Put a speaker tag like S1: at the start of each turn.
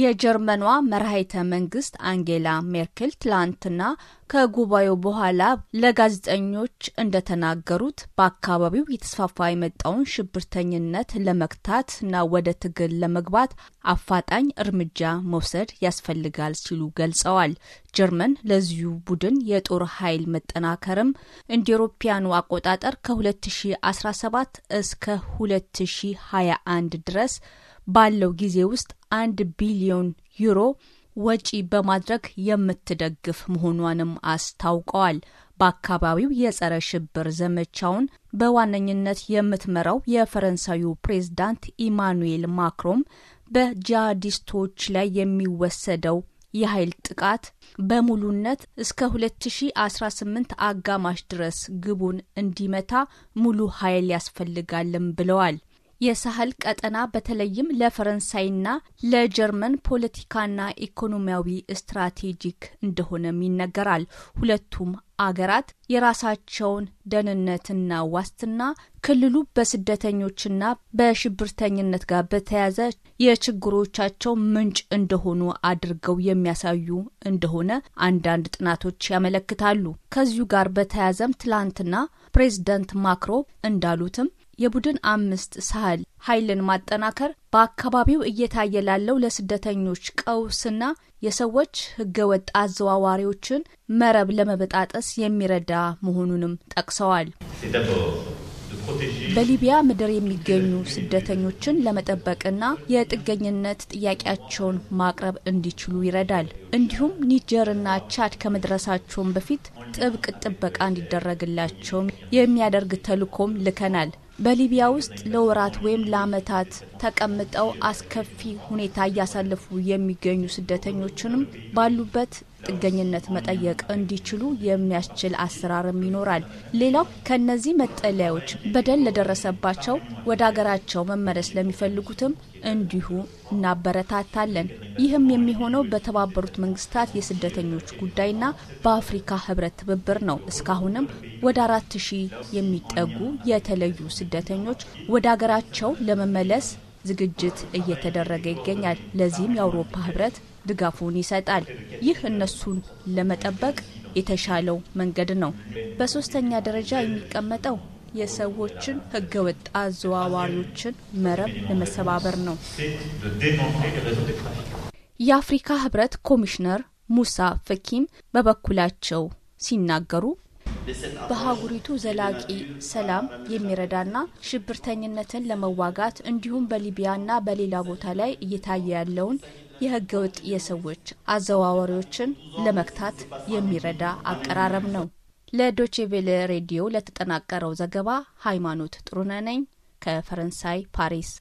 S1: የጀርመኗ መርሃይተ መንግስት አንጌላ ሜርክል ትላንትና ከጉባኤው በኋላ ለጋዜጠኞች እንደተናገሩት በአካባቢው የተስፋፋ የመጣውን ሽብርተኝነት ለመግታትና ወደ ትግል ለመግባት አፋጣኝ እርምጃ መውሰድ ያስፈልጋል ሲሉ ገልጸዋል። ጀርመን ለዚሁ ቡድን የጦር ኃይል መጠናከርም እንደ ኤሮፓያኑ አቆጣጠር ከ2017 እስከ 2021 ድረስ ባለው ጊዜ ውስጥ አንድ ቢሊዮን ዩሮ ወጪ በማድረግ የምትደግፍ መሆኗንም አስታውቀዋል። በአካባቢው የጸረ ሽብር ዘመቻውን በዋነኝነት የምትመራው የፈረንሳዩ ፕሬዝዳንት ኢማኑኤል ማክሮም በጂሃዲስቶች ላይ የሚወሰደው የኃይል ጥቃት በሙሉነት እስከ 2018 አጋማሽ ድረስ ግቡን እንዲመታ ሙሉ ኃይል ያስፈልጋልም ብለዋል። የሳህል ቀጠና በተለይም ለፈረንሳይና ለጀርመን ፖለቲካና ኢኮኖሚያዊ ስትራቴጂክ እንደሆነም ይነገራል። ሁለቱም አገራት የራሳቸውን ደህንነትና ዋስትና ክልሉ በስደተኞችና በሽብርተኝነት ጋር በተያያዘ የችግሮቻቸው ምንጭ እንደሆኑ አድርገው የሚያሳዩ እንደሆነ አንዳንድ ጥናቶች ያመለክታሉ። ከዚሁ ጋር በተያያዘም ትላንትና ፕሬዝዳንት ማክሮ እንዳሉትም የቡድን አምስት ሳህል ኃይልን ማጠናከር በአካባቢው እየታየ ላለው ለስደተኞች ቀውስና የሰዎች ህገወጥ አዘዋዋሪዎችን መረብ ለመበጣጠስ የሚረዳ መሆኑንም ጠቅሰዋል። በሊቢያ ምድር የሚገኙ ስደተኞችን ለመጠበቅና የጥገኝነት ጥያቄያቸውን ማቅረብ እንዲችሉ ይረዳል። እንዲሁም ኒጀርና ቻድ ከመድረሳቸውም በፊት ጥብቅ ጥበቃ እንዲደረግላቸውም የሚያደርግ ተልዕኮም ልከናል። በሊቢያ ውስጥ ለወራት ወይም ለዓመታት ተቀምጠው አስከፊ ሁኔታ እያሳለፉ የሚገኙ ስደተኞችንም ባሉበት ጥገኝነት መጠየቅ እንዲችሉ የሚያስችል አሰራርም ይኖራል። ሌላው ከእነዚህ መጠለያዎች በደል ለደረሰባቸው ወደ አገራቸው መመለስ ለሚፈልጉትም እንዲሁ እናበረታታለን። ይህም የሚሆነው በተባበሩት መንግስታት የስደተኞች ጉዳይና በአፍሪካ ህብረት ትብብር ነው። እስካሁንም ወደ አራት ሺህ የሚጠጉ የተለዩ ስደተኞች ወደ አገራቸው ለመመለስ ዝግጅት እየተደረገ ይገኛል። ለዚህም የአውሮፓ ህብረት ድጋፉን ይሰጣል። ይህ እነሱን ለመጠበቅ የተሻለው መንገድ ነው። በሶስተኛ ደረጃ የሚቀመጠው የሰዎችን ህገወጥ አዘዋዋሪዎችን መረብ ለመሰባበር ነው። የአፍሪካ ህብረት ኮሚሽነር ሙሳ ፈኪም በበኩላቸው ሲናገሩ በሀገሪቱ ዘላቂ ሰላም የሚረዳና ሽብርተኝነትን ለመዋጋት እንዲሁም በሊቢያና በሌላ ቦታ ላይ እየታየ ያለውን የህገ ወጥ የሰዎች አዘዋዋሪዎችን ለመክታት የሚረዳ አቀራረብ ነው። ለዶቼቬለ ሬዲዮ ለተጠናቀረው ዘገባ ሃይማኖት ጥሩነህ ነኝ ከፈረንሳይ ፓሪስ።